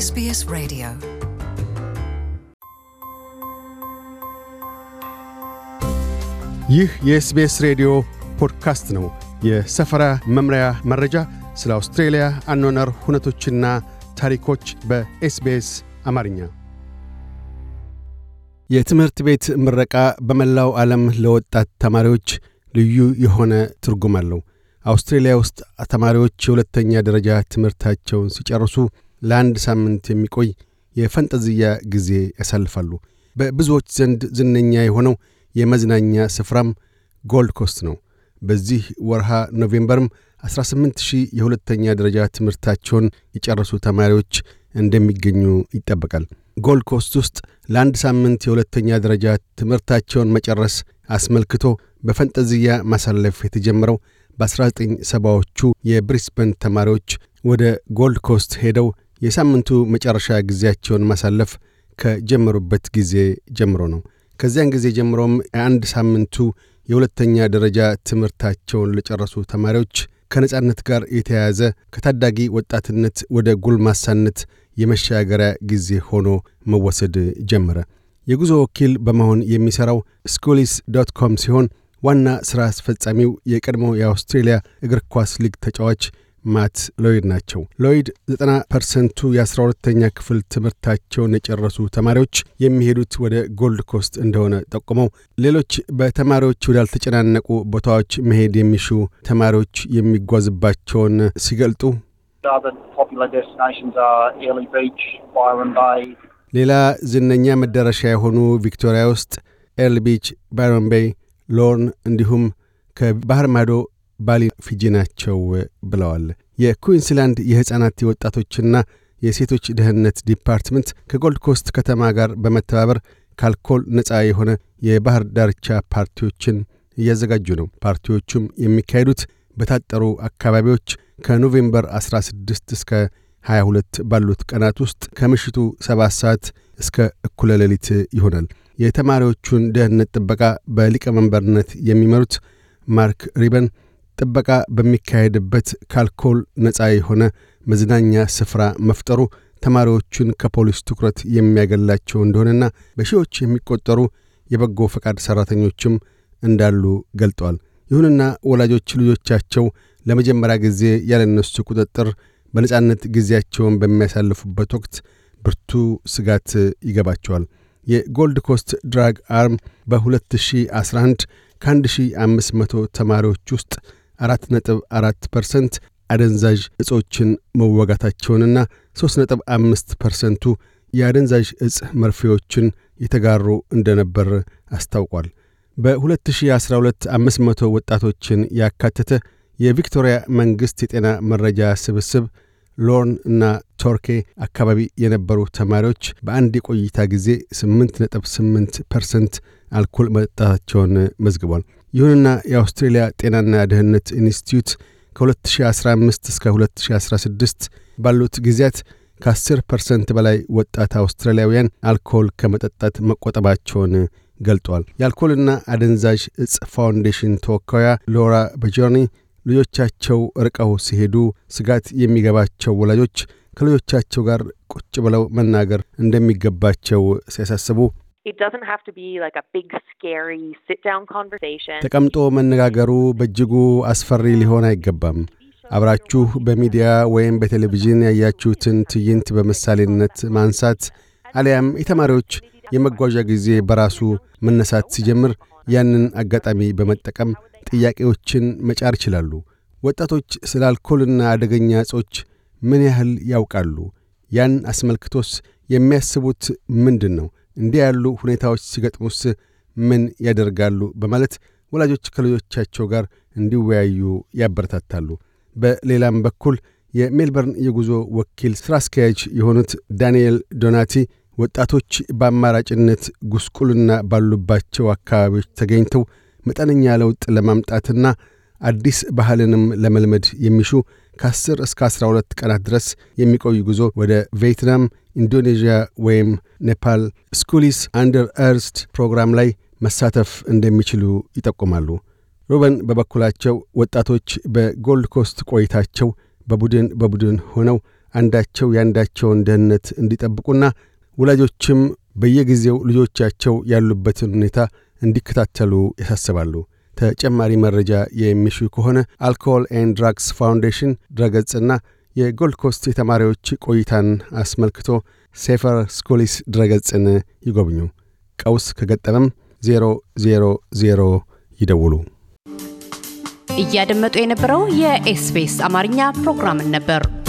SBS Radio ይህ የኤስቢኤስ ሬዲዮ ፖድካስት ነው። የሰፈራ መምሪያ መረጃ፣ ስለ አውስትሬልያ አኗኗር ሁነቶችና ታሪኮች በኤስቢኤስ አማርኛ። የትምህርት ቤት ምረቃ በመላው ዓለም ለወጣት ተማሪዎች ልዩ የሆነ ትርጉም አለው። አውስትሬልያ ውስጥ ተማሪዎች የሁለተኛ ደረጃ ትምህርታቸውን ሲጨርሱ ለአንድ ሳምንት የሚቆይ የፈንጠዝያ ጊዜ ያሳልፋሉ። በብዙዎች ዘንድ ዝነኛ የሆነው የመዝናኛ ስፍራም ጎልድ ኮስት ነው። በዚህ ወርሃ ኖቬምበርም 18 ሺህ የሁለተኛ ደረጃ ትምህርታቸውን የጨረሱ ተማሪዎች እንደሚገኙ ይጠበቃል። ጎልድ ኮስት ውስጥ ለአንድ ሳምንት የሁለተኛ ደረጃ ትምህርታቸውን መጨረስ አስመልክቶ በፈንጠዝያ ማሳለፍ የተጀመረው በ1970ዎቹ የብሪስበን ተማሪዎች ወደ ጎልድ ኮስት ሄደው የሳምንቱ መጨረሻ ጊዜያቸውን ማሳለፍ ከጀመሩበት ጊዜ ጀምሮ ነው። ከዚያን ጊዜ ጀምሮም የአንድ ሳምንቱ የሁለተኛ ደረጃ ትምህርታቸውን ለጨረሱ ተማሪዎች ከነጻነት ጋር የተያያዘ ከታዳጊ ወጣትነት ወደ ጉልማሳነት የመሻገሪያ ጊዜ ሆኖ መወሰድ ጀመረ። የጉዞ ወኪል በመሆን የሚሠራው ስኩሊስ ዶት ኮም ሲሆን ዋና ሥራ አስፈጻሚው የቀድሞ የአውስትሬልያ እግር ኳስ ሊግ ተጫዋች ማት ሎይድ ናቸው። ሎይድ 90 ፐርሰንቱ የ12ተኛ ክፍል ትምህርታቸውን የጨረሱ ተማሪዎች የሚሄዱት ወደ ጎልድ ኮስት እንደሆነ ጠቁመው ሌሎች በተማሪዎች ወዳልተጨናነቁ ቦታዎች መሄድ የሚሹ ተማሪዎች የሚጓዝባቸውን ሲገልጡ ሌላ ዝነኛ መዳረሻ የሆኑ ቪክቶሪያ ውስጥ ኤርል ቢች፣ ባይሮን ቤይ፣ ሎርን እንዲሁም ከባህር ማዶ ባሊ ፊጂ ናቸው ብለዋል። የኩዊንስላንድ የሕፃናት የወጣቶችና የሴቶች ደህንነት ዲፓርትመንት ከጎልድ ኮስት ከተማ ጋር በመተባበር ከአልኮል ነፃ የሆነ የባህር ዳርቻ ፓርቲዎችን እያዘጋጁ ነው። ፓርቲዎቹም የሚካሄዱት በታጠሩ አካባቢዎች ከኖቬምበር 16 እስከ 22 ባሉት ቀናት ውስጥ ከምሽቱ 7 ሰዓት እስከ እኩለ ሌሊት ይሆናል። የተማሪዎቹን ደህንነት ጥበቃ በሊቀመንበርነት የሚመሩት ማርክ ሪበን ጥበቃ በሚካሄድበት ከአልኮል ነፃ የሆነ መዝናኛ ስፍራ መፍጠሩ ተማሪዎቹን ከፖሊስ ትኩረት የሚያገላቸው እንደሆነና በሺዎች የሚቆጠሩ የበጎ ፈቃድ ሠራተኞችም እንዳሉ ገልጧል። ይሁንና ወላጆች ልጆቻቸው ለመጀመሪያ ጊዜ ያለነሱ ቁጥጥር በነጻነት ጊዜያቸውን በሚያሳልፉበት ወቅት ብርቱ ስጋት ይገባቸዋል። የጎልድ ኮስት ድራግ አርም በ2011 ከ1500 ተማሪዎች ውስጥ አራት ነጥብ አራት ፐርሰንት አደንዛዥ እጾችን መወጋታቸውንና ሦስት ነጥብ አምስት ፐርሰንቱ የአደንዛዥ እጽ መርፌዎችን የተጋሩ እንደነበር አስታውቋል። በ2012 500 ወጣቶችን ያካተተ የቪክቶሪያ መንግሥት የጤና መረጃ ስብስብ ሎርን እና ቶርኬ አካባቢ የነበሩ ተማሪዎች በአንድ የቆይታ ጊዜ 8.8 ፐርሰንት አልኮል መጠጣታቸውን መዝግቧል። ይሁንና የአውስትሬልያ ጤናና ደህንነት ኢንስቲትዩት ከ2015 እስከ 2016 ባሉት ጊዜያት ከ10 ፐርሰንት በላይ ወጣት አውስትራሊያውያን አልኮል ከመጠጣት መቆጠባቸውን ገልጧል። የአልኮልና አደንዛዥ እጽ ፋውንዴሽን ተወካያ ሎራ በጆርኒ ልጆቻቸው ርቀው ሲሄዱ ስጋት የሚገባቸው ወላጆች ከልጆቻቸው ጋር ቁጭ ብለው መናገር እንደሚገባቸው ሲያሳስቡ ተቀምጦ መነጋገሩ በእጅጉ አስፈሪ ሊሆን አይገባም። አብራችሁ በሚዲያ ወይም በቴሌቪዥን ያያችሁትን ትዕይንት በምሳሌነት ማንሳት አሊያም የተማሪዎች የመጓዣ ጊዜ በራሱ መነሳት ሲጀምር ያንን አጋጣሚ በመጠቀም ጥያቄዎችን መጫር ይችላሉ። ወጣቶች ስለ አልኮልና አደገኛ ዕጾች ምን ያህል ያውቃሉ? ያን አስመልክቶስ የሚያስቡት ምንድን ነው? እንዲህ ያሉ ሁኔታዎች ሲገጥሙስ ምን ያደርጋሉ በማለት ወላጆች ከልጆቻቸው ጋር እንዲወያዩ ያበረታታሉ። በሌላም በኩል የሜልበርን የጉዞ ወኪል ሥራ አስኪያጅ የሆኑት ዳንኤል ዶናቲ ወጣቶች በአማራጭነት ጉስቁልና ባሉባቸው አካባቢዎች ተገኝተው መጠነኛ ለውጥ ለማምጣትና አዲስ ባህልንም ለመልመድ የሚሹ ከ10 እስከ 12 ቀናት ድረስ የሚቆይ ጉዞ ወደ ቬትናም ኢንዶኔዥያ ወይም ኔፓል ስኩሊስ አንደር እርስት ፕሮግራም ላይ መሳተፍ እንደሚችሉ ይጠቁማሉ። ሩበን በበኩላቸው ወጣቶች በጎልድ ኮስት ቆይታቸው በቡድን በቡድን ሆነው አንዳቸው የአንዳቸውን ደህንነት እንዲጠብቁና ወላጆችም በየጊዜው ልጆቻቸው ያሉበትን ሁኔታ እንዲከታተሉ ያሳስባሉ። ተጨማሪ መረጃ የሚሹ ከሆነ አልኮሆል ኤንድ ድራግስ ፋውንዴሽን ድረገጽና የጎልድ ኮስት የተማሪዎች ቆይታን አስመልክቶ ሴፈር ስኮሊስ ድረገጽን ይጎብኙ። ቀውስ ከገጠመም 000 ይደውሉ። እያደመጡ የነበረው የኤስፔስ አማርኛ ፕሮግራምን ነበር።